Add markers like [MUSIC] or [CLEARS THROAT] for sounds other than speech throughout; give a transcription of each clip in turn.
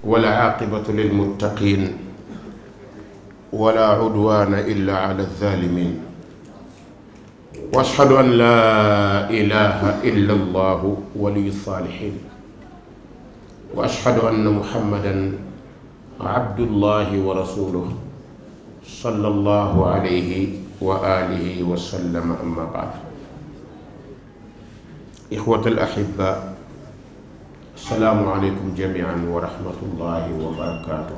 walaaqibatu lilmuttaqin wala udwaana illa ala alzalimin wa ashhadu an laa ilaha illa allahu waliyu saalihin wa ashhadu anna muhammadan abdullahi wa rasuluh sallallahu alayhi wa alihi wa sallam amma baad ixwata al ahibba asalaamualeykum jamian wa wa barakaatu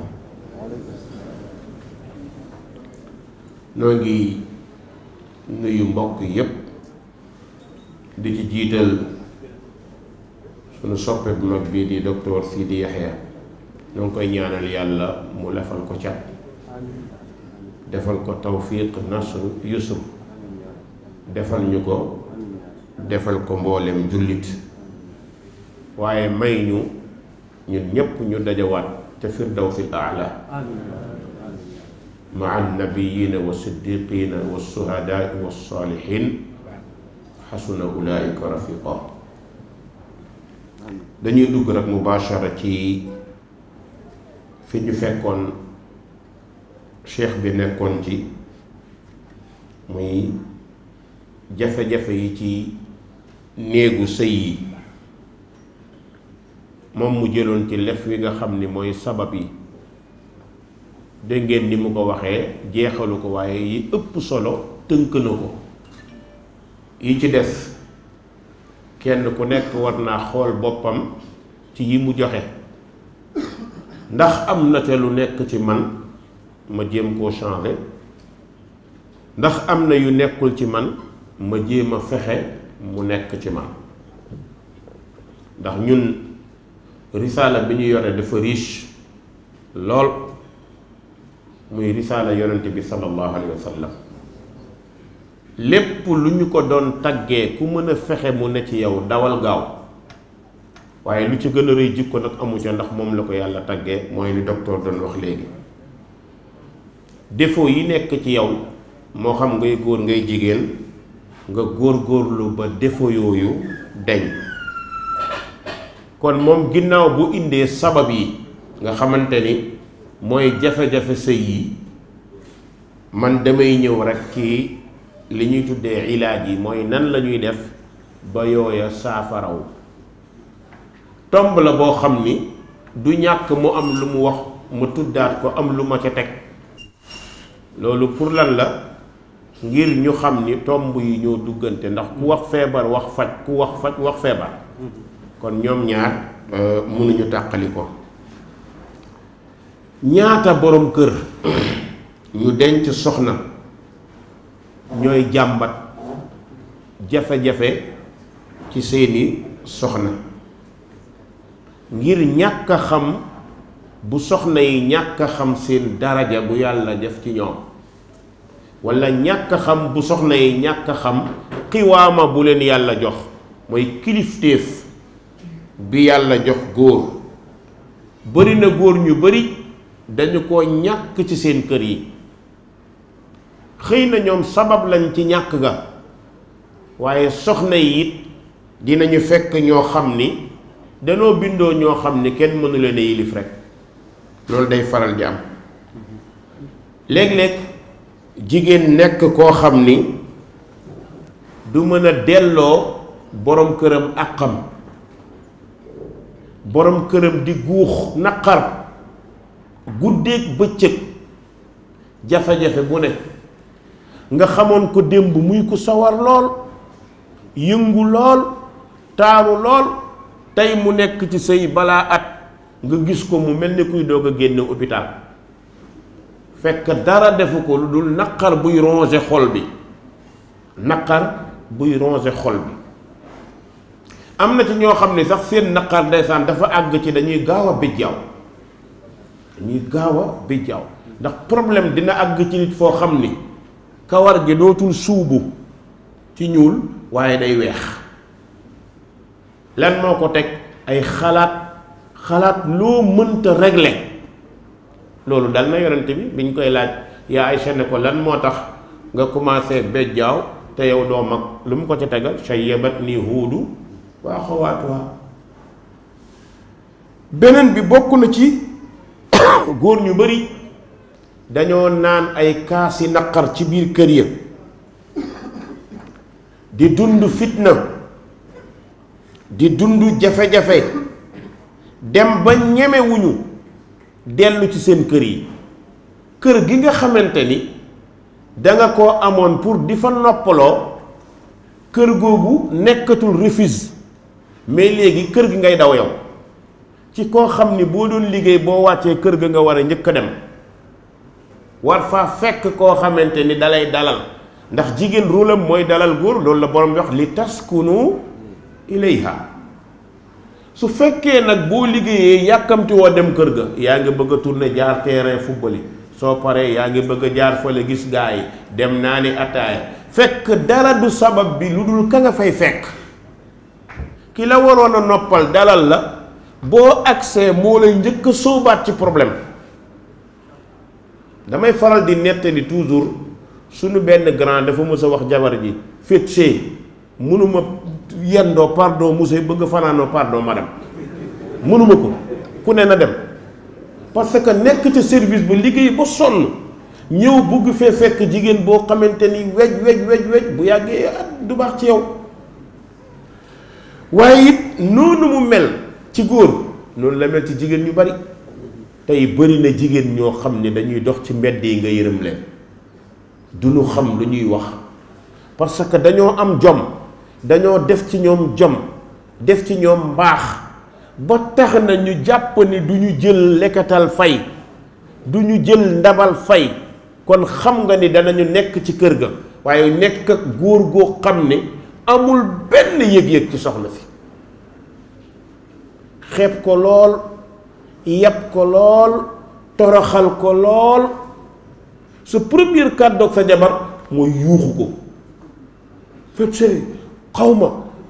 noo ngi nuyu mbokk yépp di ci jiital sunu soppe bu mag bii di docteur Sidi Yaxya ñoo ngi koy ñaanal yàlla mu lefal ko cat defal ko tawfiq nasru yusuf defal ñu ko defal ko mbooleem jullit waaye may ñu ñun ñépp ñu dajawaat ca firdawsil aala maa annabiyina wa siddiqina wa suhadaai wa saalihin xasuna ulaika rafiqa dañuy dugg rek mubaashara ci fi ñu fekkoon cheikh bi nekkoon ci muy jafe-jafe yi ci néegu sëy yi moom mu jëloon ci lef wi nga xam ni mooy sabab yi dégg ngeen ni mu ko waxee jeexalu ko waaye yi ëpp solo tënk na ko yi ci des kenn ku nekk war naa xool boppam ci yi mu joxe ndax am na te lu nekk ci man ma jéem koo changer ndax am na yu nekkul ci man ma jéem a fexe mu nekk ci man ndax ñun risaala bi ñu yore dafa riche lool muy risaala yonent bi sallallahu alayhi wa lépp lu ñu ko doon taggee ku mën a fexe mu ne ci yow dawal gaaw waaye lu ci gën a rëy jikko nag amu ca ndax moom la ko yàlla taggee mooy li doktoor doon wax léegi defo yi nekk ci yow moo xam ngay góor ngay jigéen nga góor góorlu ba défaut yooyu deñ kon moom ginnaaw bu indee sabab yi nga xamante ni mooy jafe-jafe sëy yi man damay ñëw rekk ci li ñuy tuddee ilaaj yi mooy nan la ñuy def ba yooya saafaraw tomb la boo xam ni du ñàkk mu am lu mu wax mu tuddaat ko am lu ma ca teg loolu pour lan la ngir ñu xam ni tomb yi ñoo duggante ndax ku wax feebar wax faj ku wax faj wax feebar kon ñoom ñaar euh, munuñu tàqali ko ñaata boroom kër [CLEARS THROAT] ñu denc soxna ñooy jàmbat jafe-jafe ci seeni soxna ngir ñàkk xam bu soxna yi ñàkk a xam seen daraja bu yàlla def ci ñoom wala ñàkk xam bu soxna yi ñàkk xam xiwaama bu leen yàlla jox mooy kilifteef bi yàlla jox góor bari na góor ñu bari dañu ko ñàkk ci seen kër yi xëy na ñoom sabab lañ ci ñàkk ga waaye soxna yi dinañu fekk ñoo xam ni danoo bindoo ñoo xam ni kenn mënu leen yilif rek loolu day faral di am léeg-léeg jigéen nekk koo xam ni du mën a delloo boroom këram àqam boroom këram di guux naqar guddeeg bëccëg jafe-jafe bu ne nga xamoon ko démb muy ko sawar lool yëngu lool taaru lool tey mu nekk ci sëy balaa at nga gis ko mu mel ni kuy doog a génne hôpital fekk dara defu ko lu dul naqar buy ronger xol bi naqar buy ronger xol bi am na ci ñoo xam ne sax seen naqar ndeysaan dafa àgg ci dañuy gaaw a béjjaaw dañuy gaaw a béjjaaw ndax problème dina àgg ci nit foo xam ni kawar gi dootul suubu ci ñuul waaye day weex lan moo ko teg ay xalaat xalaat loo mënta regle loolu dal na yonent bi biñ koy laaj yaa Aysa ne ko lan moo tax nga commencé béjjaaw te yow doo mag lu mu ko ca tegal sayyabat nii huudu waa xawaatuwaa beneen bi bokk na ci [COUGHS] góor ñu bari dañoo naan ay kaasi naqar ci biir kër ya di dund fitna di dund jafe-jafe dem ba ñemewuñu dellu ci seen kër yi kër gi nga xamante ni danga ko amoon pour di fa noppaloo kër googu nekkatul refuge mais léegi kër gi ngay daw yow ci koo xam ni boo doon liggéey boo wàccee kër ga nga war a njëkk a dem war faa fekk koo xamante ni dalay dalal ndax jigéen ruulam mooy dalal góor loolu la boroom borom bi tas li nu ilayha su fekkee nag boo liggéeyee yàkkamti woo dem kër ga yaa ngi bëgg a tourner jaar terrain football soo paree yaa ngi bëgg a jaar fële gis gaa yi dem naa ni ataaya fekk dara du sabab bi lu dul ka nga fay fekk ki la waroon a noppal dalal la boo accès moo lay njëkk a sóobaat ci problème damay faral di nettali toujours suñu benn grand dafa mës wax jabar ji féetee mënuma yendoo pardon monsieur bëgg fanaanoo pardon madame mënuma ko ku ne na dem parce que nekk ci service bu liggéey ba sonn ñëw bugg fee fekk jigéen boo xamante ni wej wej wej wej bu yàggee ah, du baax ci yow waaye it noonu mu mel ci góor noonu la mel ci jigéen ñu bari tey bëri na jigéen ñoo xam ne dañuy dox ci mbedd yi nga yërëm leen du ñu xam lu ñuy wax parce que dañoo am jom dañoo def ci ñoom jom def ci ñoom mbaax ba tax na ñu jàpp ni du ñu jël leketal fay du ñu jël ndabal fay kon xam nga ni danañu nekk ci kër ga waaye nekk ak góor goo xam ne amul benn yëg-yëg ci soxna si xeeb ko lool yab ko lool toroxal ko lool sa première kàddoog sa jabar mooy yuuxu ko fet sey xaw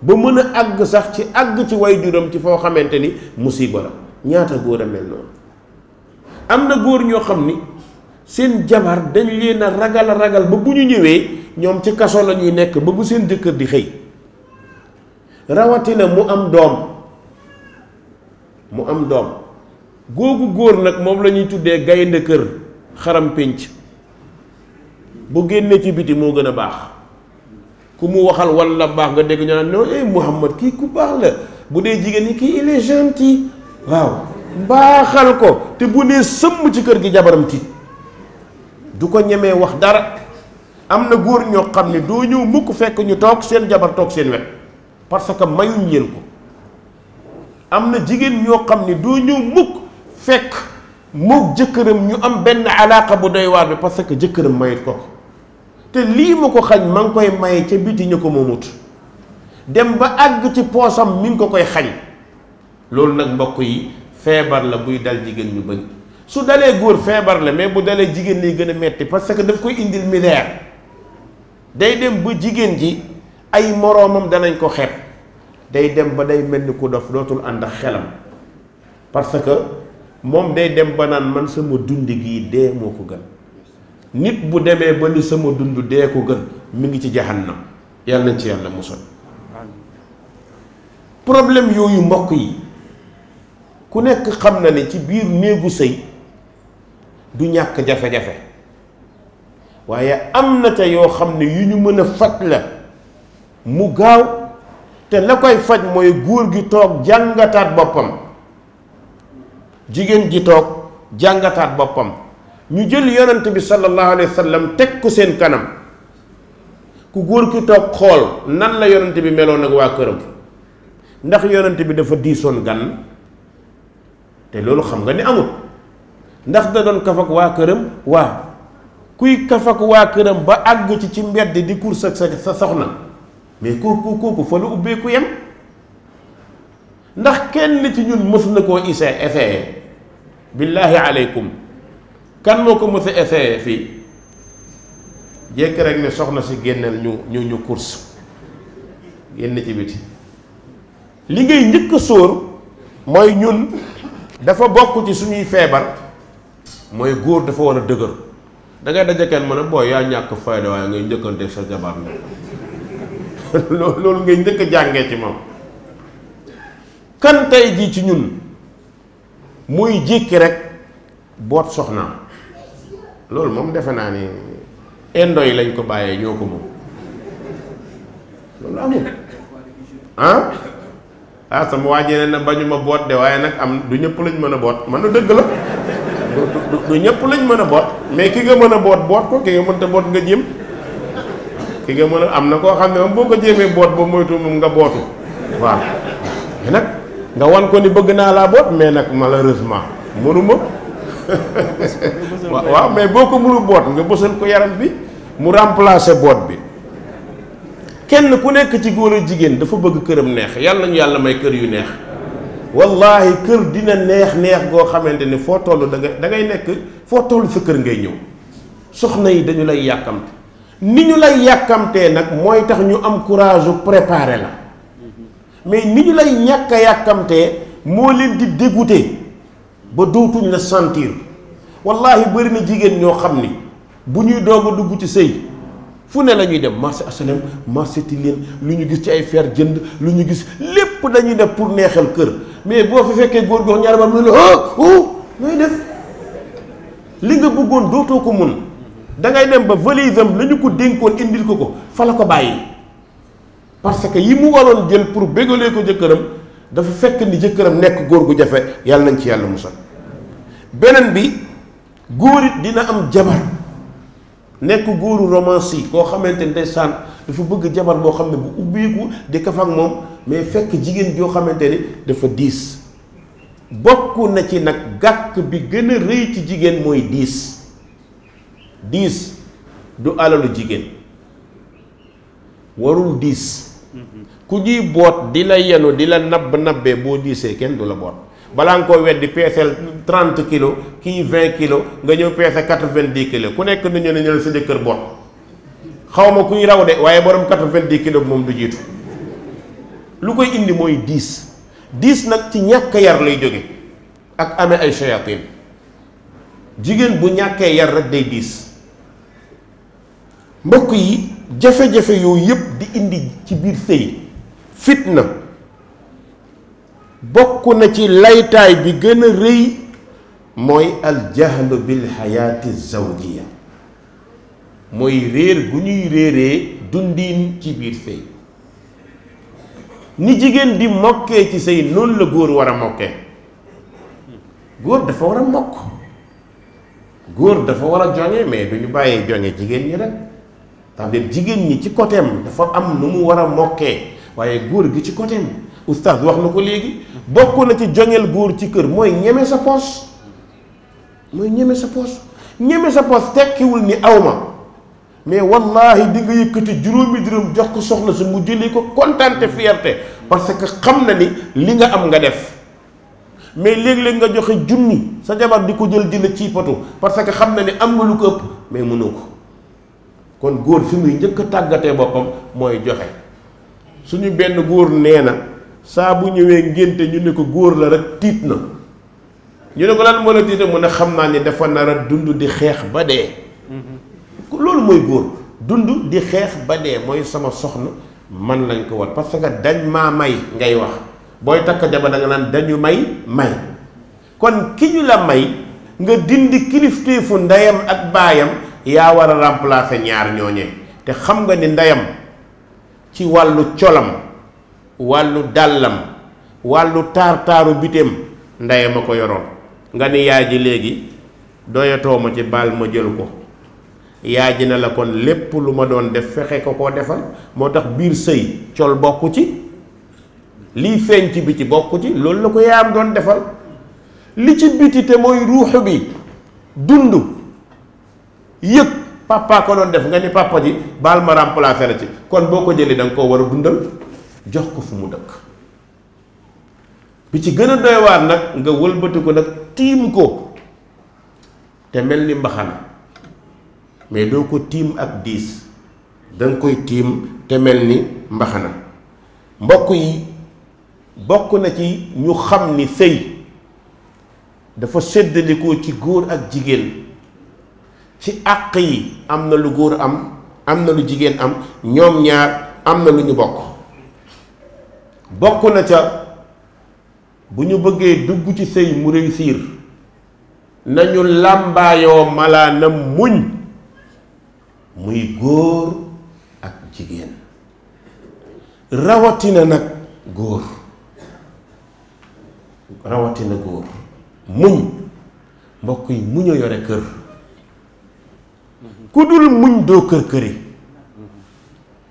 ba mën a àgg sax ci àgg ci way juram ci foo xamante ni musiba la ñaata góor a mel noonu am na góor ñoo xam ni seen jabar dañu leen ragal a ragal ba bu ñu ñëwee ñoom ci kaso la ñuy nekk ba bu seen jëkkër di xëy rawatina mu am doom mu am doom googu góor nag moom lañuy tuddee gaynde kër xaram pénc bu génnee ci biti moo gën a baax ku mu waxal walla baax nga dégg ñu naan non eh Mouhamad kii ku baax la bu dee jigéen ñi kii il est gentil waaw baaxal ko te bu dee sëmm ci kër gi jabaram tiit du ko ñemee wax dara am na góor ñoo xam ne doo ñëw mukk fekk ñu toog seen jabar toog seen wet parce que mayuñ leen ko am na jigéen ñoo xam ne doo ñëw mukk fekk mook jëkkëram ñu am benn alaaka bu doy waar bi parce que jëkkëram mayut ko te lii ma ko xañ ma ngi koy maye ca biti ñu ko moomut dem ba àgg ci poosam mi ngi ko koy xañ loolu nag mbokk yi feebar la buy dal jigéen ñu bëri su dalee góor feebar la mais bu dalee jigéen lay gën a metti parce que daf koy indil misère day dem ba jigéen ji ay moroomam danañ ko xeeb day dem ba day mel ni ku dof dootul ànd ak xelam parce que moom day dem ba naan man sama dund gi dee moo ko gën nit bu demee ba ni sama dund dee ko gën mi ngi ci jahannam yàlla na ci yàlla musal problème yooyu mbokk yi ku nekk xam na ne ci biir néegu sëy du ñàkk jafe-jafe waaye am na ca yoo xam ne yu ñu mën a faj la mu gaaw te la koy faj mooy góor gi toog jàngataat boppam jigéen ji toog jàngataat boppam ñu jël yonent bi sallallahu alayhi wa sallam teg ko seen kanam ku góor ki toog xool nan la yonent bi meloon ak waa këram ndax yonent bi dafa diisoon gan te loolu xam nga ni amul ndax da doon kaf ak waa këram waa kuy kafak waa këram ba àgg ci ci mbedd di course ak sa soxna mais kooku kooku fa la ubbeeku yem ndax kenn ci ñun mës na koo isee essayé billaahi aleykum kan moo ko mës a fii jekk rek ne soxna si génneel ñu ñu ñu course génn ci biti li ngay njëkk sóor mooy ñun dafa bokk ci suñuy feebar mooy góor dafa war a dëgër da ngay daje kenn mu ne booy yaa ñàkk fayda waaye ngay njëkkante sa jabar ne [LAUGHS] loolu ngay njëkk a jàngee ci moom kan tey jii ci ñun muy jikki rek boot soxnaam loolu moom defe naa ni indo yi lañ ko bàyyee ñoo ko moom loolu amul ah ah sama waa ji na bañu boot de waaye nag am du ñëpp lañ mën a boot mën na dëgg la du ñëpp lañ mën a boot mais ki nga mën a boot boot ko ki nga mënta boot nga jëm ki nga mën a am na koo xam ne moom boo ko jéemee boot ba moytu moom nga bootu waaw mais nga wan ko ni bëgg naa laa boot mais nag malheureusement mënu ma [LAUGHS] waaw mais boo ko mënul boot nga bësal ko yaram bi mu remplacer boot bi kenn ku nekk ci góor a jigéen dafa bëgg këram neex yàlla ñu yàlla may kër yu neex wallahi kër dina neex neex goo xamante ne foo toll da ngay da ngay nekk foo toll sa kër ngay ñëw soxna yi dañu lay yàkkamte ni ñu lay yàkkamtee nag mooy tax ñu am courage u préparer la mais ni ñu lay ñàkk a yàkkamtee moo leen di déggute ba dootuñ la sentir wallahi bëri na jigéen ñoo xam ni bu ñuy doog a dugg ci sëy fu ne lañuy dem marché asalem H&M, marché tilien lu ñu gis ci ay fer jënd lu ñu gis lépp dañuy def pour neexal kër mais boo fi fekkee góor gox ñaar ba mu ne la ah oh, nooy def li nga bëggoon dootoo ko mun dangay dem ba valise am lañu ko dénkoon indil ko ko fa la ko bàyyi parce que yi mu waroon jël pour bégalee ko jëkkëram dafa fekk ni jëkkëram nekk góor gu jafe yàlla nañ ci yàlla musal beneen bi góor dina am jabar nekk góoru romance koo xamante ndeysaan dafa bëgg jabar boo xam ne bu ubbiiku di kaf moom mais fekk jigéen joo xamante ni dafa diis bokk na ci nag gàkk bi gën a rëy ci jigéen mooy diis diis du alalu jigéen warul diis ku ñuy boot di la yenu di la nabb nabee boo diisee kenn du la boot balaa nga koo weddi peeseel trente kilo kii vingt kilo nga ñëw peese quatre-vingt-dix kilos ku nekk nu ñu ne ñu la sa boot xawma ma kuy raw de waaye borom quatre-vingt-dix kilos moom du jiitu lu koy indi mooy diis diis nag ci ñàkk yar lay jóge ak amee ay shayatin jigéen bu ñàkkee yar rek day diis mbokk yi jafe-jafe yooyu yëpp di indi ci biir sëy fitna bokk na ci laytaay bi gën a rëy mooy aljahlu bil xayaati zawjiya mooy réer gu ñuy réeree dundiin ci biir sëy ni jigéen di mokkee ci sëy noonu la góor war a mokkee góor dafa war a mokk góor dafa war a joŋe mais du ñu bàyyee joŋe jigéen ñi rek cest jigéen ñi ci côtéem dafa am nu mu war a mokkee waaye góor gi ci côtéem oustaz wax na ko léegi bokk na ci joŋel góor ci kër mooy ñeme sa poos mooy ñeme sa poos ñeme sa poos tekkiwul ni awma mais wallahi di nga yëkkati juróomi dërëm jox ko soxna su mu jëlee ko kontante fierté parce que xam na ni li nga am nga def mais léeg-léeg nga joxe junni sa jabar di ko jël di la ciipatu parce que xam na ni am nga lu ko ëpp mais mënoo ko kon góor fi muy njëkk a tàggatee boppam mooy joxe suñu benn góor nee na saa bu ñëwee ngénte ñu ne ko góor la rek tiit na ñu ne ko lan moo la tiita mën a xam naa ni dafa nar a dund di xeex ba dee mm-hmm. loolu mooy góor dund di xeex ba dee mooy sama soxna man lañ ko war parce que dañ maa may ngay wax booy takk jabar da nga naan dañu may may kon ki ñu la may nga dindi kilifteefu ndeyam ak baayam yaa war a remplacer ñaar ñooñee te xam nga ni ndeyam ci wàllu colam wàllu dàllam wàllu taar-taaru biteem ndeyam a ko yoroon nga ni yaay ji léegi doyatoo ma ci baal ma jël ko yaa ji na la kon lépp lu ma doon def fexe ko koo defal moo tax biir sëy col bokk ci lii feeñ ci biti bokku ci loolu la ko yaayam doon defal li ci biti te mooy ruux bi dund yëg papa ko doon def nga ni papa ji baal ma remplacer la ci kon boo ko jëlee da koo war a dundal jox ko fu mu dëkk bi ci gën a doy waar nag nga wëlbati ko nag tiim ko te mel ni mbaxana mais doo ko tiim ak diis danga koy tiim te mel ni mbaxana mbokk yi bokk na ci ñu xam ni sëy dafa séddalikoo ci góor ak jigéen ci àq yi am na lu góor am am na lu jigéen am ñoom ñaar am na lu ñu bokk bokk na ca bu ñu bëggee dugg ci sëy mu réussir nañu làmbaayoo malaanam muñ muy góor ak jigéen rawatina nag góor rawatina góor muñ mbokk yi muñ yore kër ku dul muñ doo kër këri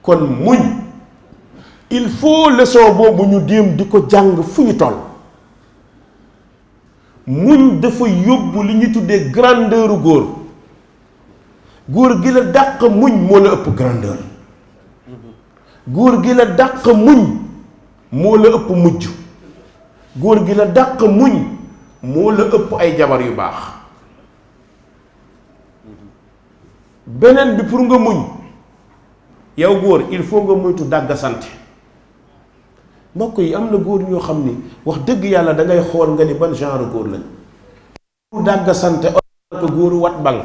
kon muñ il faut leçon boobu ñu dem di ko jàng fu ñu toll muñ dafa yóbbu li ñu tuddee grandeuru góor góor gi la dàq muñ moo la ëpp grandeur góor gi la dàq muñ moo ëpp mujj góor gi la dàq muñ moo la ëpp ay jabar yu baax beneen bi pour nga muñ yow góor il faut nga moytu dàggasante mbokk yi am na góor ñoo xam ni wax dëgg yàlla dangay xool nga ni ban genre góor lañ. dàggasante or góoru wat bang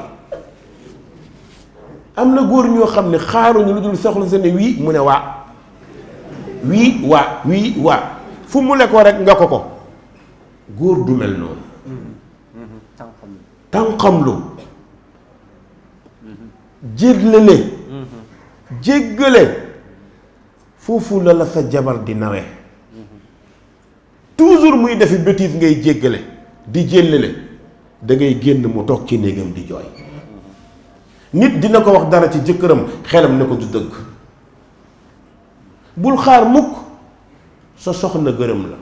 am na góor ñoo xam ne xaaruñu lu dul soxla sa ne wii mu ne waa wii waa wii waa fu mu le ko rek nga ko ko góor du mel noonu tànqamlu jéglale jéggale foofu la la sa jabar di nawe toujours muy defi bêtise ngay jéggale di jéllale dangay génn mu toog ci néegam di jooy nit dina ko wax dara ci jëkkëram xelam ne ko du dëgg bul xaar mukk sa soxna gërëm la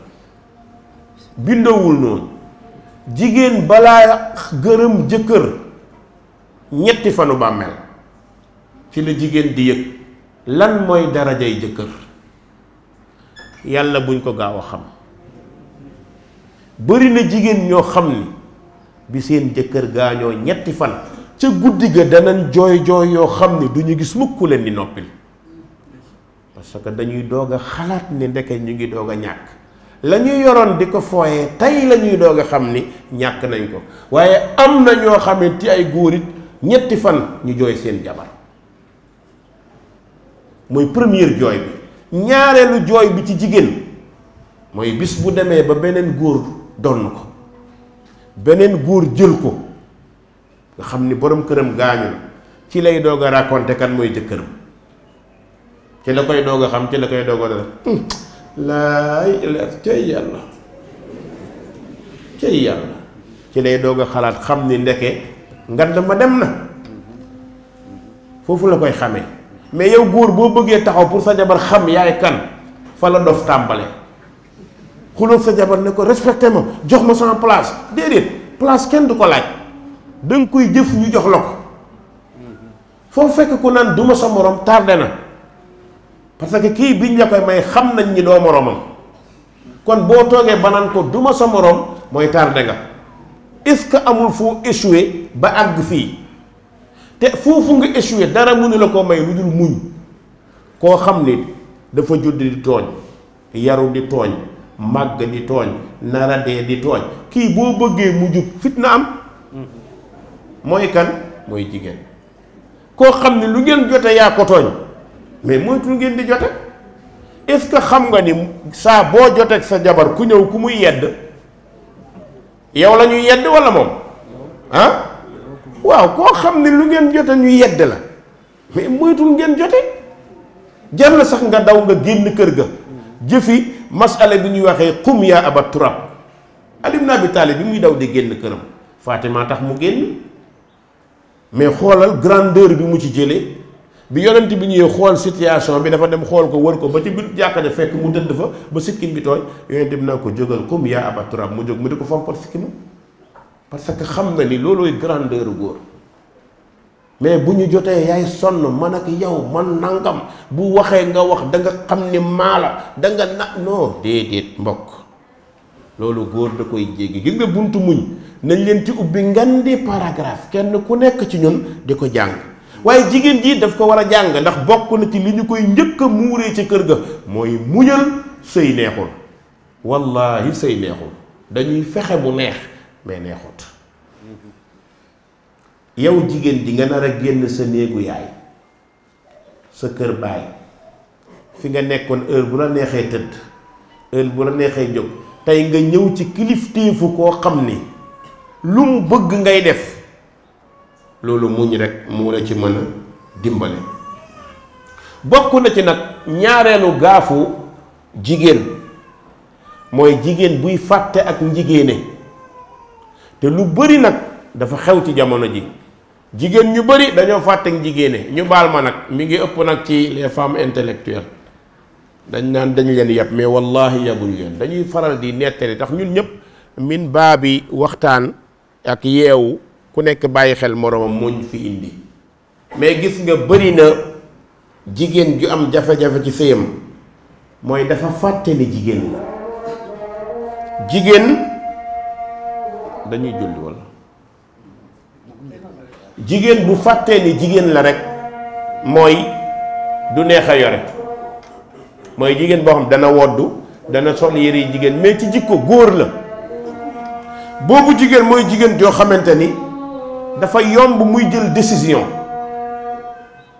bindowul noonu jigéen balaa gërëm jëkkër ñetti fanu bàmmeel ci la jigéen di yëg lan mooy darajay jëkkër yàlla buñ ko gaaw a xam bari na jigéen ñoo xam ni bi seen jëkkër gaañoo ñetti fan ca guddi ga danañ jooy jooy yoo xam ne duñu gis mukk leen di noppil parce que dañuy doog a xalaat ni ndeke ñu ngi doog a ñàkk la yoroon di ko fooyee tey lañuy ñuy doog a xam ni ñàkk nañ ko waaye am na ñoo xam xamante ci ay góor it ñetti fan ñu jooy seen jabar mooy premier jooy bi ñaareelu jooy bi ci jigéen mooy bis bu demee ba beneen góor donn ko beneen góor jël ko nga xam ni boroom këram gaañu na ci lay doog a raconté kan mooy jëkkëram ci la koy doog a xam ci la koy doog a def hmm. laay cay yàlla cay yàlla ci lay doog a xalaat xam ni ndeke ngand ma dem na foofu la koy xamee mais yow góor boo bëggee taxaw pour sa jabar xam yaay kan fa la dof tàmbale xuloog sa jabar ne ko respecté ma jox ma sama place déedéet place kenn du ko laaj da nga koy jëf ñu jox la ko foo fekk ku naan duma sa morom tardé na parce que kii biñ la koy may xam nañ ñi doo moroomam kon boo toogee ba naan ko duma sa morom mooy tardé nga est-ce que amul foo échoué ba àgg fii te foofu nga échoué dara mënu la ko may lu dul muñ koo xam ni dafa judd di tooñ yaru di tooñ màgg di tooñ nara di tooñ kii boo bëggee mu jub fit am mooy kan mooy jigéen koo xam ne lu ngeen jote yaa ko tooñ mais moytul ngeen di jote est-ce que xam nga ni saa boo joteeg sa jabar ku ñëw ku muy yedd yow lañuy yedd walla moom ah waaw koo xam ne lu ngeen jote ñu yedd la mais moytul ngeen jote jar la sax nga daw nga génn kër ga jëfi masala bi ñuy waxee xum yaa aba turab Ali naa Abi Talib bi muy daw di génn këram Fatima tax mu génn mais xoolal grandeur bi mu ci jële bi yonent bi ñuy xool situation bi dafa dem xool ko war ko ba ci biir jàkka ja fekk mu tëdd fa ba sikkim bi tooy yonent bi naa ko jógal comme yaa Aba Turab mu jóg mu di ko fompat sikkimu parce que xam nga ni loolooy grandeur góor mais bu ñu jotee yaay sonn man ak yow man nangam bu waxee nga wax danga xam ni maa la da nga na non déedéet mbokk loolu góor da koy jéggi gis nga buntu muñ nañ leen ci ubbi ngan di paragraphe kenn ku nekk ci ñun di ko jàng waaye jigéen ji daf ko war a jàng ndax bokk na ci li ñu koy njëkk a muuree ci kër ga mooy muñal sëy neexul wallaahi sëy neexul dañuy fexe bu neex mais neexut yow jigéen ji nga nar a génn sa néegu yaay sa kër baay fi nga nekkoon heure bu la neexee tëdd heure bu la neexee jóg tey nga ñëw ci kilifteefu koo xam ni lu mu bëgg ngay def loolu muñ rek moo la ci mën a dimbale bokk na ci nag ñaareelu gaafu jigéen mooy jigéen buy fàtte ak njigéene te lu bari nag dafa xew ci jamono ji jigéen ñu bari dañoo fàtte ak njigéene ñu baal ma nag mi ngi ëpp nag ci les femmes intellectuelles dañ naan dañ leen yab mais wallahi yabuñ leen dañuy faral di nettali tax ñun ñëpp min baa bi waxtaan ak yeewu ku nekk bàyyi xel moroomam ñu fi indi mais gis nga bëri na jigéen ju am jafe-jafe ci sëyam mooy dafa fàtte ni jigéen la jigéen dañuy julli walla jigéen bu fàtte ni jigéen la rek mooy du neex a yore mooy jigéen boo xam dana woddu dana sol yére jigéen mais ci jikko góor la boobu jigéen mooy jigéen joo xamante ni dafa yomb muy jël décision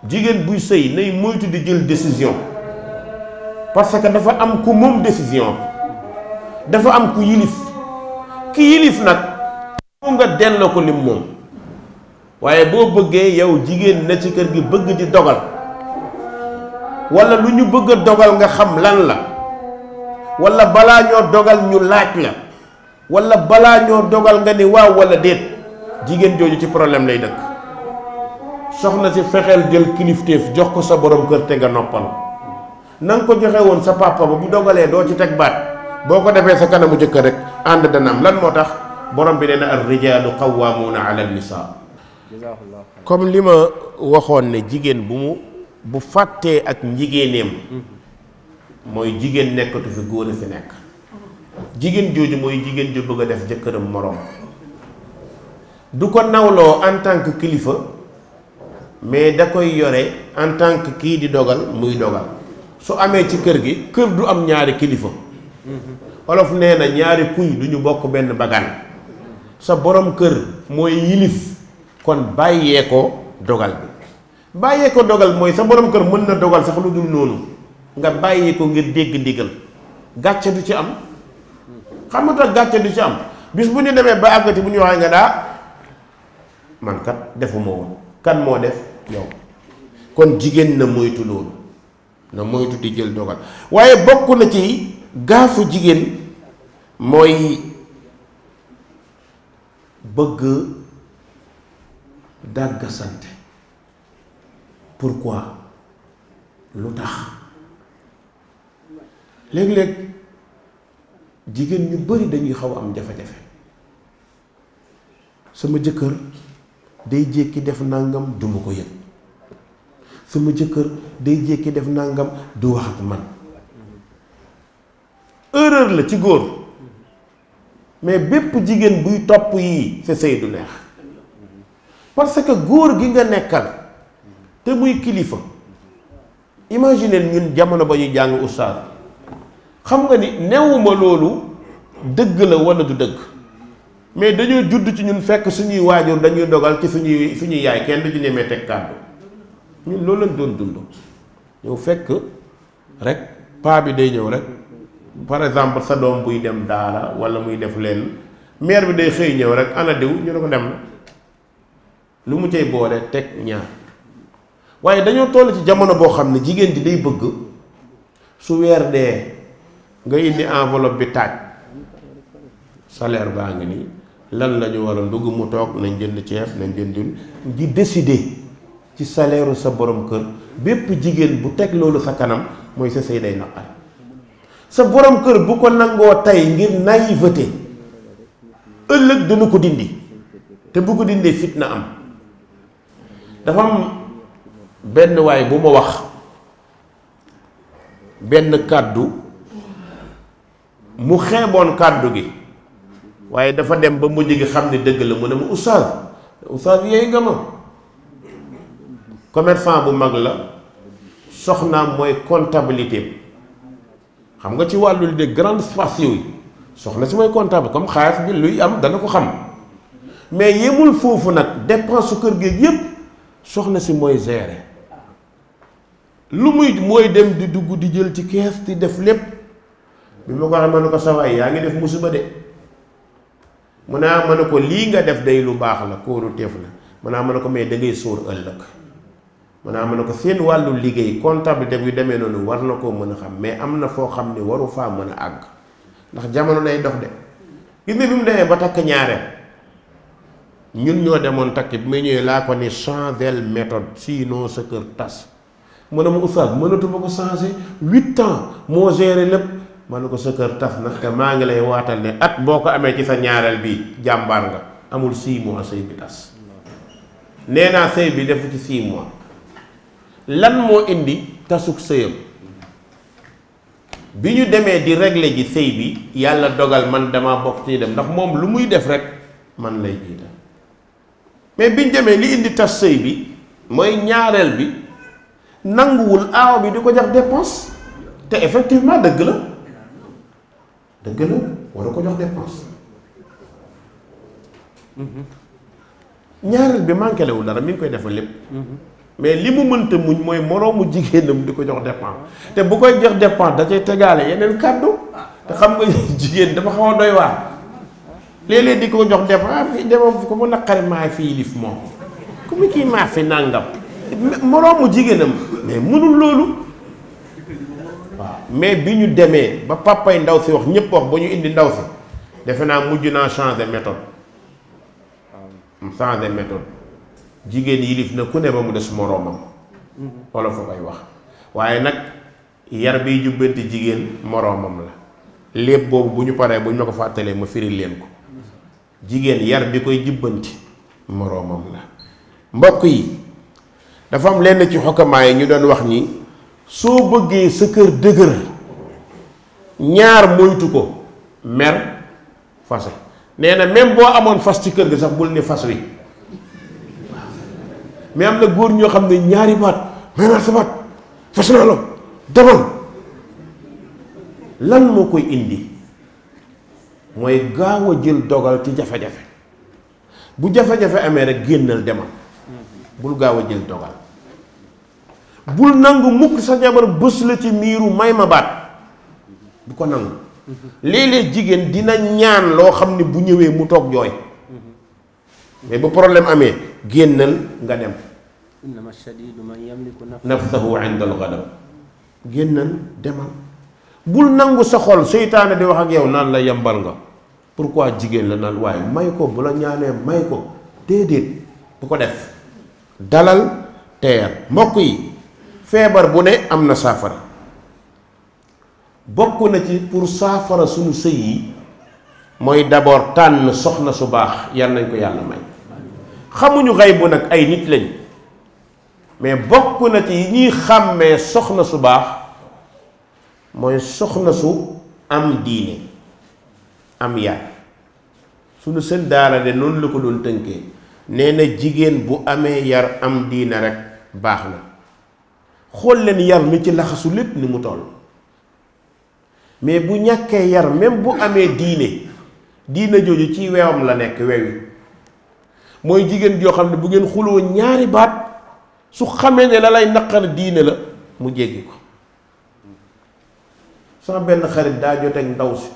jigéen buy sëy nay moytu di jël décision parce que dafa am ku moom décision dafa am ku yilif ki yilif nag mu nga delloo ko lim moom waaye boo bëggee yow jigéen na ci kër gi bëgg di dogal wala lu ñu bëgg dogal nga xam lan la walla balaa ñoo dogal ñu laaj la walla balaa ñoo dogal nga ni waaw wala déet jigéen jooju ci problème lay dëkk soxna si fexeel jël kilifteef jox ko sa borom kër te nga noppal na ko joxe woon sa papa ba bu dogalee doo ci teg baat boo ko defee sa kanamu jëkkër rek ànd dana lan moo tax borom bi nee na ar rijaalu qawwaamuuna ala nisaa comme li ma waxoon ne jigéen bu mu bu fàttee ak njigéeneem mooy jigéen nekkatu fi góor a fi nekk jigéen jooju mooy jigéen ju bëgg a def jëkkëram moroom du ko nawloo en tant que kilifa mais da koy yore en tant que kii di dogal muy dogal su amee ci kër gi kër du am ñaari kilifa olof nee na ñaari kuy duñu bokk benn bagaan sa borom kër mooy yilif kon bàyyee ko dogal bi bàyyee ko dogal mooy sa borom kër mën na dogal sax lu dul noonu nga bàyyee ko ngir dégg ndigal gàcce du ci am xam nga tax gàcce du ci am bis bu ñu demee ba àggati bu ñu waxee nga daa man kat defuma woon kan moo def yow kon jigéen na moytu loolu na moytu di jël dogal waaye bokk na ci gaafu jigéen mooy bëgg dàggasante pour quoi lu tax léeg-léeg jigéen ñu bari dañuy xaw a am jafe-jafe sama jëkkër day jékki def nangam du ko yëg sama jëkkër day jékki def nangam du wax man erreur la ci góor mais bépp jigéen buy topp yii sa sëy du neex parce que góor gi nga nekkal. te muy kilifa imagine ñun jamono ba ñu jàng ustaas xam nga ni newuma loolu dëgg la walla du dëgg mais dañoo judd ci ñun fekk suñuy waajur dañuy dogal ci suñuy suñuy yaay kenn du ne ñemee teg kàddu ñun loolu lañ doon dund ñëw fekk rek paa bi day ñëw rek par exemple sa doom buy dem daara walla muy def leen mair bi day xëy ñëw rek ana diw ñu ne ko dem na lu mu cay boole teg ñaar waaye dañoo toll ci jamono boo xam ne jigéen di day bëgg su weer dee nga indi enveloppe bi taaj salaire baa ngi nii lan lañu ñu war a dugg mu toog nañ jënd ceeb nañ jënd di décider ci saleeru sa borom kër bépp jigéen bu teg loolu sa kanam mooy sa sëy day naqari sa borom kër bu ko nangoo tey ngir naïveté ëllëg dina ko dindi te bu ko dindee fitna am dafa am benn waay bu ma wax benn kàddu mu xeeboon kàddu gi waaye dafa dem ba mujj gi xam ne dëgg la mu ne ma oustaz oustaz yeey nga ma commerçant bu mag la soxna mooy comptabilité xam nga ci wàllu li de grandes faciles yi soxna si mooy comptable comme xaalis bi luy am dana ko xam mais yemul foofu nag dépense su kër gi yépp soxna si mooy gérer lu muy mooy dem di dugg di jël ci kees di def lépp bi ma ko xam ma ne ko sawaay yaa ngi def musiba de mu naa ma ne ah, ko lii nga def day lu baax la kóoru teef la mu ne ah, ma ne ko mais da ngay sóor ëllëg mu ne ah, ma ne ko seen wàllu liggéey comptabilité yu demee noonu war na koo mën a xam mais am na foo xam ni waru faa mën a àgg ndax jamono day dox de gis nga bi mu demee ba takk ñaareel ñun ñoo demoon takk bi may ñëwee laa ko ni changer méthode sinon sa kër tas mu ne ma oustaz mënatuma ko changé huit ans moo géré lépp ma ko sa tas taf nag te maa ngi lay waatal ne at boo ko amee ci sa ñaareel bi jàmbaar nga amul six mois sëy bi tas nee naa sëy bi defu ci six lan moo indi tasuk sëyam bi ñu demee di régler ji sëy bi yàlla dogal man dama bokk ci dem ndax moom lu muy def rek man lay jiital mais biñ demee li indi tas sëy bi mooy ñaareel bi nanguwul aaw bi di ko jox dépense te effectivement dëgg la dëgg la war a ko jox dépense ñaareel bi manqué lewul dara mi ngi koy defal lépp mais li mu mënta mu mooy moroomu jigéenam di ko jox dépense te bu koy jox dépense da cay yeneen kàddu te xam nga [LAUGHS] jigéen dafa xaw a doy waar léeg di ko jox dépense ah, demoon fu ko mu naqari maa fi lif moom ku mu kii maa fi nàngam moroomu jigéenam mais mënul loolu waaw mais bi ñu demee ba papay ndaw si wax ñëpp wax ba ñu indi ndaw si defe naa mujj naa changer méthode changer méthode jigéen yilif na ku ne ba mu des moroomam wala fa koy wax waaye nag yar biy jubbanti jigéen moroomam la lépp boobu bu ñu paree bu ñu ma ko fàttalee ma firil leen ko jigéen yar bi koy jubbanti moroomam la mbokk yi dafa am lenn ci xokamaa yi ñu doon wax ni soo bëggee sa kër dëgër ñaar moytu ko mer fas nee na même boo amoon fas ci kër gi sax bul ni fas wi mais am na góor ñoo xam ne ñaari baat may naa sa baat fas naa la demal lan moo koy indi mooy gaaw a jël dogal ci jafe-jafe bu jafe-jafe amee rek génnal demal bul gaaw a jël dogal bul nangu mukk sa jabar bés la ci miiru may ma baat bu ko nangu léeg-léeg jigéen dina ñaan loo xam ne bu ñëwee mu toog jooy mais bu problème amee génnal nga dem innama shadidu man yamliku nafsahu inda al-ghadab génnal demal bul nangu sa xol seytaane di wax ak yow naan la yambal nga pour quoi jigéen la naan waaye may ko bu la ñaanee may ko déedéet bu ko def dalal teer mbokk yi feebar bu ne am na saafara bokk na ci pour saafara suñu sëy yi mooy d'abord tànn soxna su baax yal nañ ko yàlla may xamuñu xay bu nag ay nit lañ mais bokk na ci yi ñuy xàmmee soxna su baax mooy soxna su am diine am yar suñu seen daara de noonu la ko doon tënkee nee na jigéen bu amee yar am diine rek baax na xool leen yar mi ci laxasu lépp ni mu toll mais bu ñàkkee yar même bu amee diine diine jooju ci weewam la nekk wewi mooy jigéen joo xam ne bu ngeen xuloo ñaari baat su xamee ne la lay naqar diine la mu jéggi ko sama benn xarit daa jot ak ndaw si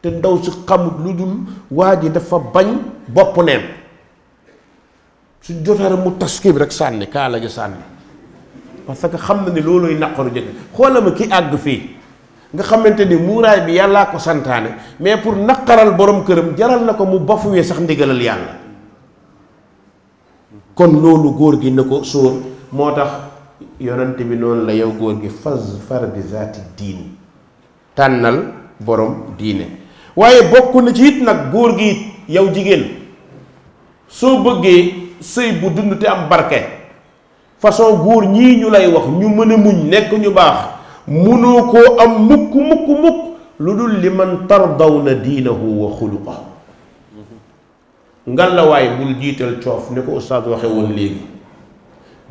te ndaw si xamut lu dul waa ji dafa bañ bopp neen suñ jotee rek mu tas kii rek sànni kaala gi sànni parce que xam na ne loolooy naqaru jëkk xoolal ma ki àgg fii nga xamante ni muuraay bi yàllaa ko santaane mais pour naqaral borom këram jaral na ko mu bafuwee sax ndigalal yàlla kon loolu góor gi na ko soo moo tax yonent bi noonu la yow góor gi fas far bi zaati diin tànnal borom diine waaye bokk na ci it nag góor gi it yow jigéen soo bëggee sëy bu dund te am barke façon góor ñii ñu lay wax ñu mën a muñ nekk ñu baax mënoo koo am mukk mukk mukk lu dul li man tardawna diinahu wa xuluqahu ngan la waay bul jiital coof ni ko ustaas waxe woon léegi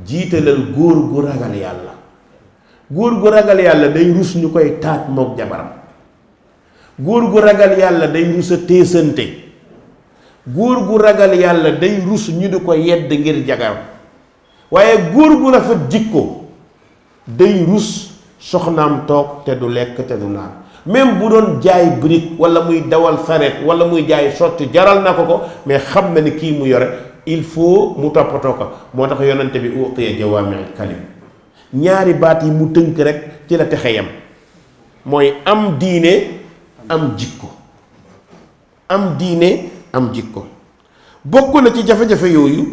jiitalal góor gu ragal yàlla góor gu ragal yàlla day rus ñu koy taat mook jabaram góor gu ragal yàlla day rus a téesante góor gu ragal yàlla day rus ñu di ko yedd ngir jagar waaye góor gu rafet jikko day rus soxnaam toog te du lekk te du naan même bu doon jaay brique wala muy dawal sareet wala muy jaay sotti jaral na ko ko mais xam na ni kii mu yore il faut mu toppatoo ko moo tax yonante bi uqiya jawaami'il kalim ñaari baat yi mu tënk rek ci la texe yam mooy am diine am jikko am diine am jikko bokk na ci jafe-jafe yooyu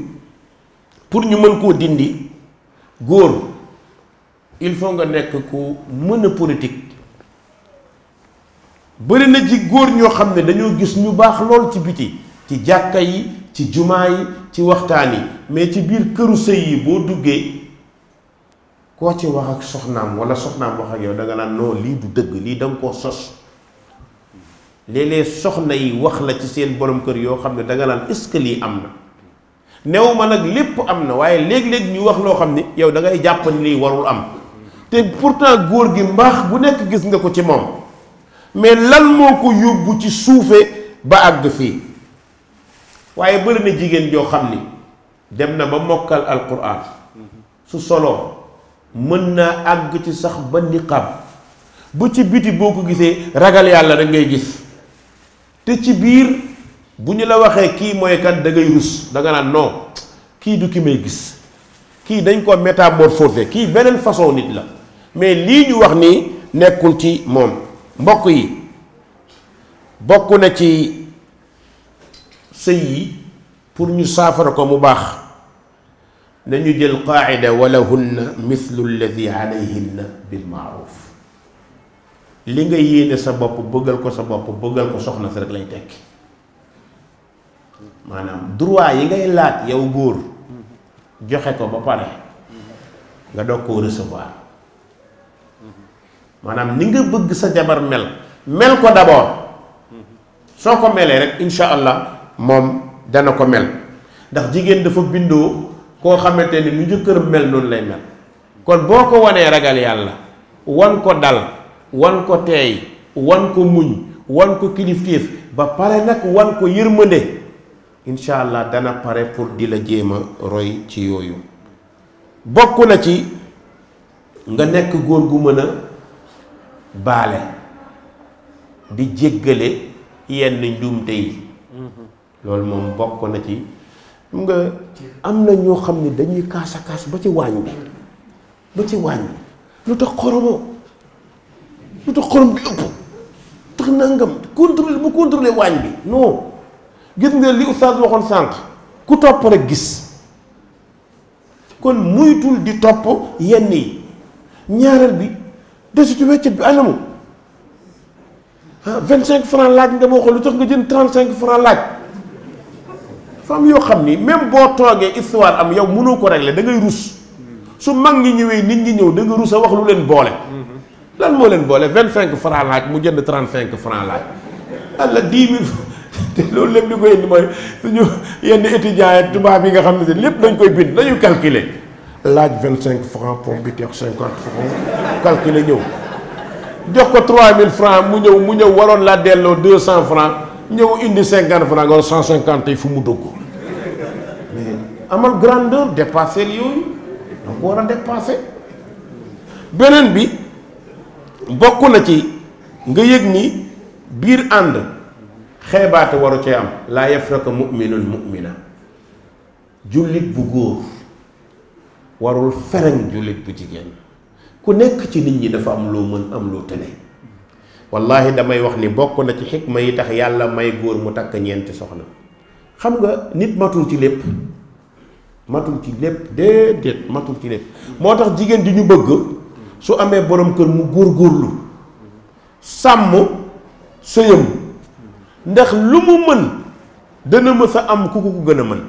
pour ñu mën koo dindi góor il faut nga nekk ku mën a politique bëri na ci góor ñoo xam ne dañoo gis ñu baax lool ci biti ci jàkka yi ci jumaa yi ci waxtaan yi mais ci biir këru sëy yi boo duggee koo ci wax ak soxnaam walla soxnaam wax ak yow da nga naan non lii du dëgg lii da koo sos léeg-léeg soxna yi wax la ci seen borom kër yoo xam ne danga naan est lii am na new ma nag lépp am na waaye léeg-léeg ñu wax loo xam ni yow dangay ngay jàpp lii warul am te pourtant góor gi mbaax bu nekk gis nga ko ci moom mais lan moo ko yóbbu ci suufe ba àgg fii waaye bëri na jigéen joo xam ni dem na ba mokkal alquran su solo mën naa àgg ci sax ba niqab bu ci biti boo ko gisee ragal yàlla da ngay gis te ci biir bu ñu la waxee kii mooy kan da ngay rus da naan non kii du ki may gis kii dañ ko métamorphosé kii beneen façon nit la mais lii ñu wax nii nekkul ci moom mbokk yi bokk na ci sëy yi pour ñu saafara ko mu baax nañu jël qaacida walahunna mithlu alladi alayhinna bil maaruf li nga yéene sa bopp bëggal ko sa bopp bëggal ko soxna sa rek lay tekki maanaam droit yi ngay laaj yow bóor joxe ko ba pare nga doog koo recevoir maanaam ni nga bëgg sa jabar mel mel ko d'abord soo ko melee rek incha allah moom dana ko mel ndax jigéen dafa bindoo koo xamante ni lu jëkkër mel noonu lay mel kon boo ko wanee ragal yàlla wan ko dal wan ko teey wan ko muñ wan ko kilifteef ba pare nag wan ko yërmande incha allah dana pare pour di la jéem a roy ci yooyu bokk na ci nga nekk góor gu mën baale di jéggale yenn njuumte yi mm-hmm. loolu moom bokk na ci xam nga am na ñoo xam ne dañuy kaasa kaas ba ci waañ bi ba ci waañ bi lu tax xoromoo lu tax xorom bi ëpp tax nangam contrôler bu contrôler waañ bi non gis nga li oustaz waxoon sànq ku topp rek gis kon muytul di topp yenn yi ñaareel bi desitu weccet bi anamu ah vingt cinq franc laaj nga moo xool lu tax nga jënd trente cinq franc laaj dafa yoo xam ni même boo toogee histoire am yow mënoo ko régler da ngay rus su mag ñi ñëwee nit ñi ñëw da nga rus a wax lu leen boole mm-hmm. lan moo leen boole vingt cinq franc laaj mu jënd trente cinq franc laaj walla dix mille [LAUGHS] te loolu lépp li koy indi mooy suñu yenn étudiants yi tubaab yi nga xam ne lépp dañ koy bind dañu calculer laaj vingt cinq franc pomme bi teex cinquante franc calculer ñëw jox ko trois mille franc mu ñëw mu ñëw waroon laa delloo deux cent franc ñëw indi cinquante franc wala cent cinquante yi fu mu dugg amal grandeur dépasser yooyu da ko war a dépasser bi. bokk na ci nga yëg ni biir ànd xeebaate waru cee am laa yafraka mu'minun mu'mina jullit bu góor warul fereng jullit bu jigéen ku nekk ci nit ñi dafa am loo mën am loo tëne wallahi damay wax ni bokk na ci xikma yi tax yàlla may góor mu takk ñeenti soxna xam nga nit matul ci lépp matul ci lépp déedéet matul ci lépp moo tax jigéen di ñu bëgg su amee boroom kër mu góorgóorlu sàmm sëyam ndax lu mu mën dana mës a am ku ko gën a mën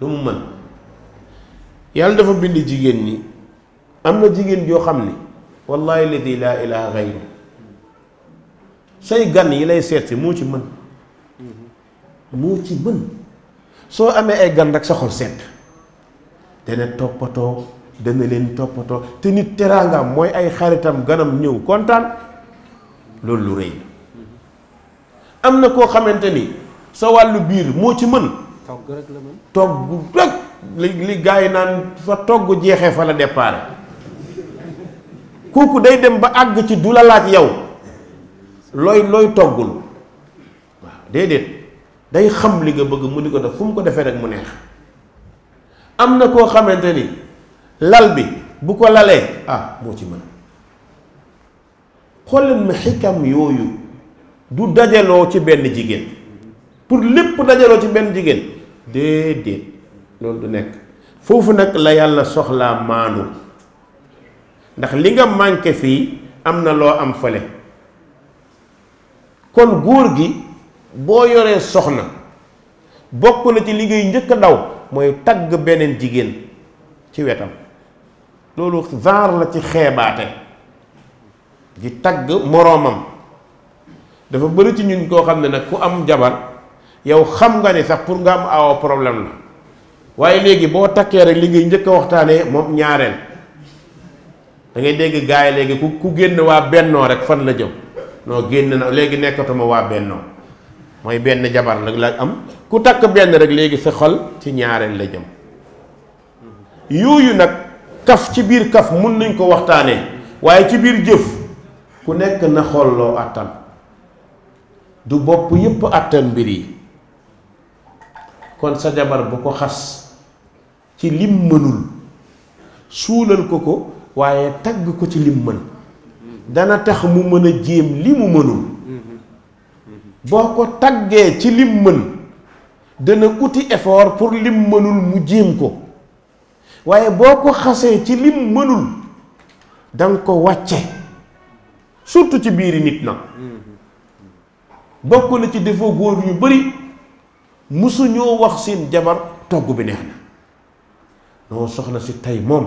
lu mu mën yàlla dafa bind jigéen ñi am na jigéen joo xam ni wallahi ladi laa ilaha gayru say gan yi lay seet si moo ci mën moo ci mën soo amee ay gan rek sa xol sedd dana toppatoo dana leen toppatoo te nit teraangaam mooy ay xaritam ganam ñëw kontaan loolu lu rëy am na koo xamante ni sa wàllu biir moo ci mën togg rek la mën togg li li gars yi naan fa togg jeexee fa la départ kooku day dem ba àgg ci du la laaj yow looy looy toggul waaw déedéet day xam li nga bëgg mu di ko def fu mu ko defee rek mu neex am na koo xamante ni lal bi bu ko lalee ah moo ci mën xoolal ma xikam yooyu du dajaloo ci benn jigéen pour lépp dajaloo ci benn jigéen déedéet loolu du nekk foofu nag la yàlla soxlaa maandu ndax li nga manqué fii am na loo am fële kon góor gi boo yoree soxna bokk na ci li ngay njëkk a daw mooy tagg beneen jigéen ci wetam loolu genre la ci xeebaate di tagg moroomam dafa bëri ci ñun koo xam ne nag ku am jabar yow xam nga ne sax pour nga am awo problème la waaye léegi boo takkee rek li ngay njëkk a waxtaanee moom ñaareel dangay dégg gars yi léegi ku ku génn waa bennoo rek fan la jëm non génn na léegi nekkatuma waa bennoo mooy benn jabar nag la am ku takk benn rek léegi sa xol ci ñaareel la jëm yooyu nag. kaf ci biir kaf mun nañ ko waxtaanee waaye ci biir jëf ku nekk na xool àttan du bopp yépp àttan mbir yi kon sa jabar bu ko xas ci lim mënul suulal ko ko waaye tagg ko ci lim mën dana tax mu mën a jéem li mu mënul boo ko taggee ci lim mën dana uti effort pour lim mënul mu jéem ko waaye boo ko xasee ci lim mënul danga ko wàcce surtout ci biiri nit na bokk na ci defoo góor yu bari musuñoo wax seen jabar togg bi neex na noo soxna si tey moom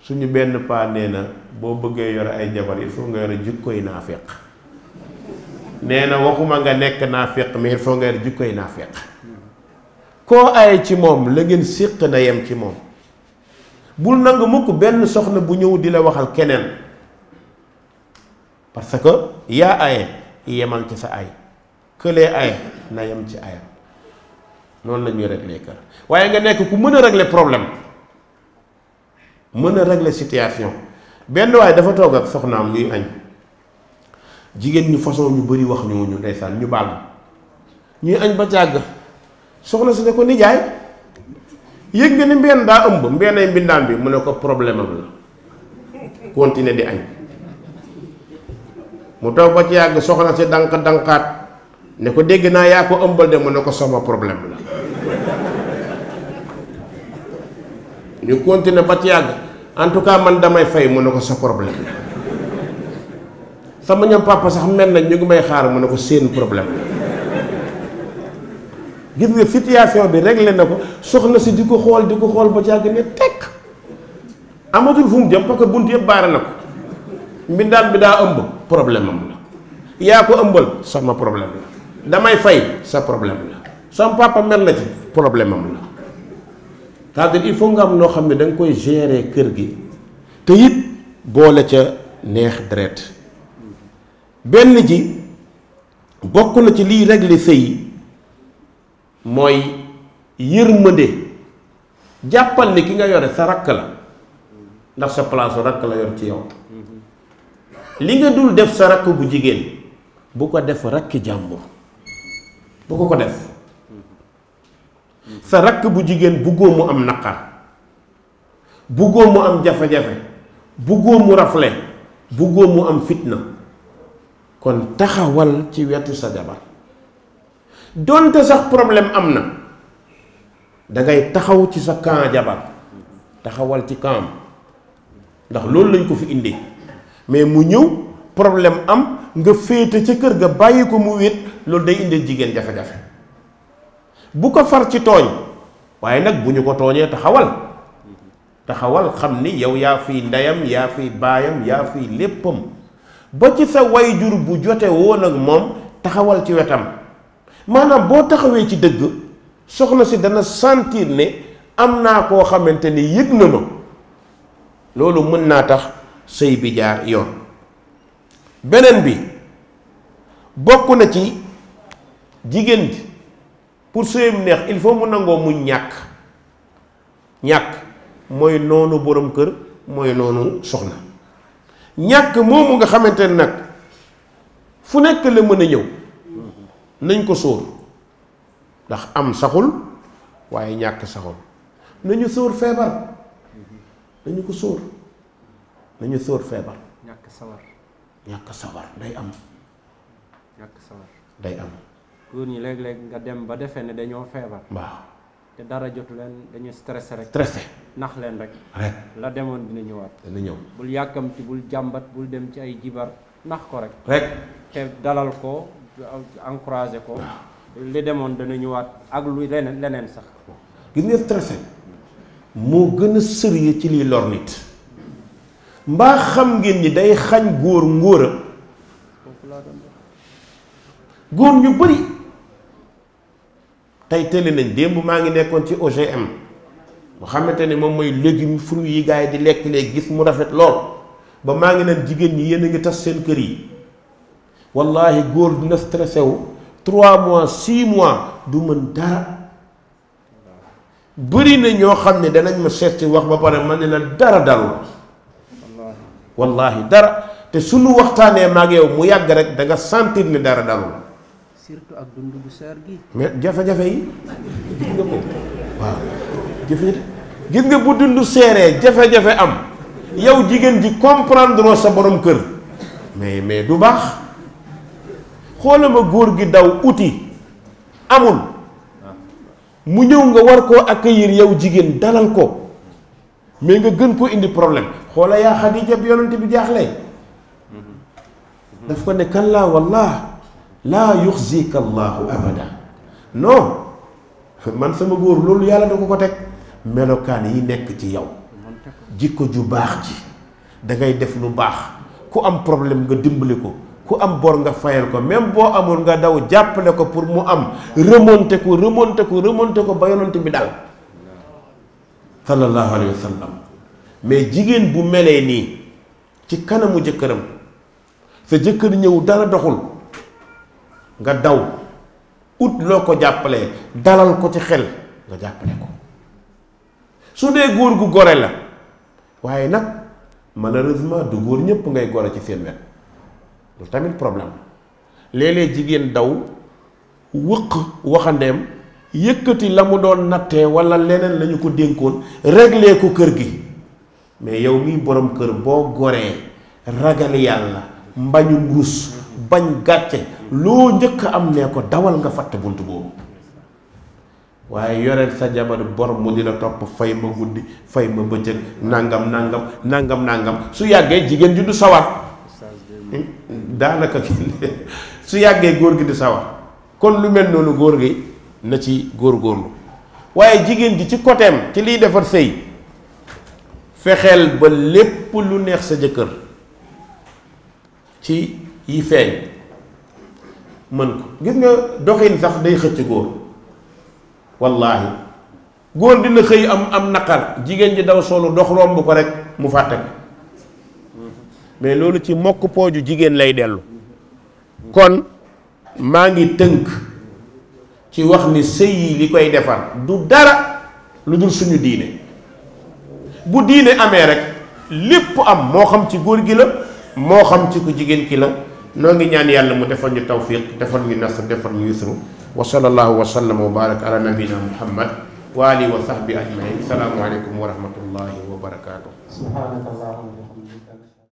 suñu benn paa nee na boo bëggee yore ay jabar il faut nga yore jikkoy naafeq nee na waxuma nga nekk naafeq mais il faut nga yore jikkoy naafeq koo aaye ci moom la ngeen séq na yem ci moom bul nangu mukk benn soxna bu ñëw di la waxal keneen parce que yaa aaye yemal ci sa ay këlee aaye na yem ci ayam noonu la ñuy régler kër waaye nga nekk ku mën a régler problème mën a régler situation benn waaye dafa toog ak soxnaam ñuy añ jigéen ñu façon ñu bëri wax ñu ndeysaan ñu baal ñuy añ ba jàgg soxna si ne ko nijaay yëg nga ni mbenn daa ëmb mbennay mbindaan bi mu ne ko problème am la continuer di añ mu toog ba ci yàgg soxna si dank dankaat ne ko dégg naa yaa ko ëmbal de mu ne ko sama problème la ñu continuer ba ci yàgg en tout cas man damay fay mu ne ko sa problème la sama ñoom papa sax mel na ñu ngi may xaar mu ne ko seen problème gis nga situation bi réglé na ko soxna si di ko xool di ko xool ba jàgg ne tek amatul fu mu jëm parce bunt yëpp baare na ko mbindaan bi daa ëmb problème am la yaa ko ëmbal sama problème la damay fay sa problème la sama papa mel na ci problème am la cest il faut nga am noo xam ne da koy gérer kër gi te it boole ca neex deret benn ji bokk na ci liy régler sëy mooy yërmande jàppal ni ki nga yore sa rakk la ndax sa palaasu rakk la yor ci yow li nga dul def sa rakk bu jigéen bu ko def rakki jàmbur bu ko ko def sa rakk bu jigéen buggoo mu am naqar buggoo mu am jafe-jafe buggoo mu rafle buggoo mu am fitna kon taxawal ci wetu sa jabar donte sax problème am na da ngay taxaw ci sa camp jabar taxawal ci camp ndax loolu lañ ko fi indi mais mu ñëw problème am nga féete ca kër ga bàyyi ko mu wéet loolu day indil jigéen jafe-jafe bu ko far ci tooñ waaye nag bu ñu ko tooñee taxawal taxawal xam ni yow yaa fiy ndeyam yaa fiy baayam yaa fiy léppam ba ci sa wayjur bu jote woon ak moom taxawal ci wetam maanaam boo taxawee ci dëgg soxna si dana sentir ne am naa koo xamante ni yëg na ma loolu mën naa tax sëy bi jaar yoon beneen bi bokk na ci jigéen bi pour sëyam neex il faut mu nangoo mu ñàkk ñàkk mooy noonu boroom kër mooy noonu soxna ñàkk moomu nga xamante ne nag fu nekk la mën a ñëw nañ ko sóor ndax am saxul waaye ñàkk saxul nañu sóor feebar nañu ko sóor nañu sóor feebar. ñàkk sawar. ñàkk sawar day am. ñàkk sawar day am. góor ñi léeg-léeg nga dem ba defe ne dañoo feebar. waaw te dara jotu leen dañu stressé rek. stressé nax leen rek. rek la demoon dina ñëwaat. dina ñëw bul yàkkamti bul jàmbat bul dem ci ay jibar nax ko rek. rek te dalal ko. encouragé ko li demoon dana ñëwaat ak lu leneen sax gis nga stressé moo gën a sérieux ci liy lor nit mbaa xam ngeen ni day xañ góor ngóora góor ñu bari tey tële nañ démb maa ngi nekkoon ci OGM mu xamante ne moom mooy légumes fruits yi gars yi di lekk léegi gis mu rafet lool ba maa ngi naan jigéen ñi yéen a ngi tas seen kër yi wallahi góor dina stressé wu trois mois six mois du mën dara bëri na ñoo xam ne danañ ma seet ci wax ba pare man ne la dara dalul wallahi dara te suñu waxtaanee maag yow mu yàgg rek da nga sentir ne dara dalul surtout ak dund bu seer gi jafe-jafe yi gis nga ko waaw gis nga bu dund seeree jafe-jafe am yow jigéen ji comprendre sa borom kër mais mais du baax xoola ma góor gi daw uti amul mu ñëw nga war koo accueillir yow jigéen dalal ko mais nga gën koo indi problème xoola yaa Xadija bi yonent bi jaaxle daf ko ne kallaa wallah laa yuxzika allahu abada non man sama góor loolu yàlla da ko ko teg melokaan yi nekk ci yow jikko ju baax ji dangay def lu baax ku am problème nga dimbali ko ku am bor nga fayal ko même boo amul nga daw jàppale ko pour mu am remonté ko remonté ko remonté ko ba yonent bi dal sallallahu alayhi wa mais jigéen bu melee nii ci kanamu jëkkëram sa jëkkër ñëw dara doxul nga daw ut loo ko jàppalee dalal ko ci xel nga jàppale ko su dee góor gu gore la waaye nag malheureusement du góor ñépp ngay gore ci seen wet tamit problème léeg-léeg jigéen daw wëq waxandeem yëkkati la mu doon nattee walla leneen lañu ko dénkoon réglé ko kër gi mais yow miy borom kër boo goree ragal yàlla mbañu rus bañ gàcce loo njëkk am ne ko dawal nga fàtte bunt boobu waaye yoreel sa jabar bor mu di la topp fay ma guddi fay ma bëccëg nangam nangam nangam nangam su yàggee jigéen ju du sawar daanaka su yàggee góor gi di sawar kon lu mel noonu góor gi na ci góor góorlu waaye jigéen ji ci côtéem ci liy defar sëy fexeel ba lépp lu neex sa jëkkër ci yi feeñ mën ko gis nga doxin sax day xëcc góor wallaahi góor dina xëy am am naqar jigéen ji daw solu dox romb ko rek mu fàtte ko mais loolu ci mokk pooju jigéen lay dellu kon maa ngi tënk ci wax ni sëy yi li koy defar du dara lu dul suñu diine bu diine amee rek lépp am moo xam ci góor gi la moo xam ci ku jigéen ki la noo ngi ñaan yàlla mu defal ñu tawfiq defal ñu nasr defal ñu yusru wa sallallahu wa sallam wa barak ala nabina muhammad wa alihi wa sahbi ajmain salaamu aleykum wa rahmatullahi wa barakatuh